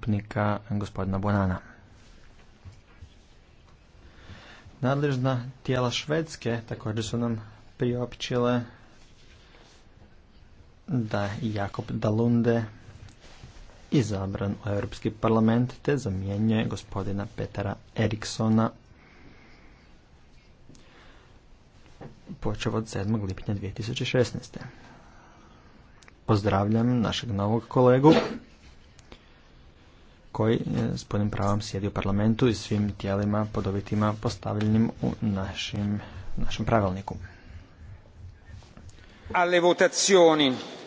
zastupnika gospodina Bonana. Nadležna tijela Švedske također su nam priopćile da Jakob Dalunde izabran u Europski parlament te zamjenjuje gospodina Petara Eriksona počeo od 7. lipnja 2016. Pozdravljam našeg novog kolegu koji e, s punim pravom sjedi u parlamentu i svim tijelima pod podobitima postavljenim u našim, našem pravilniku. Alle votazioni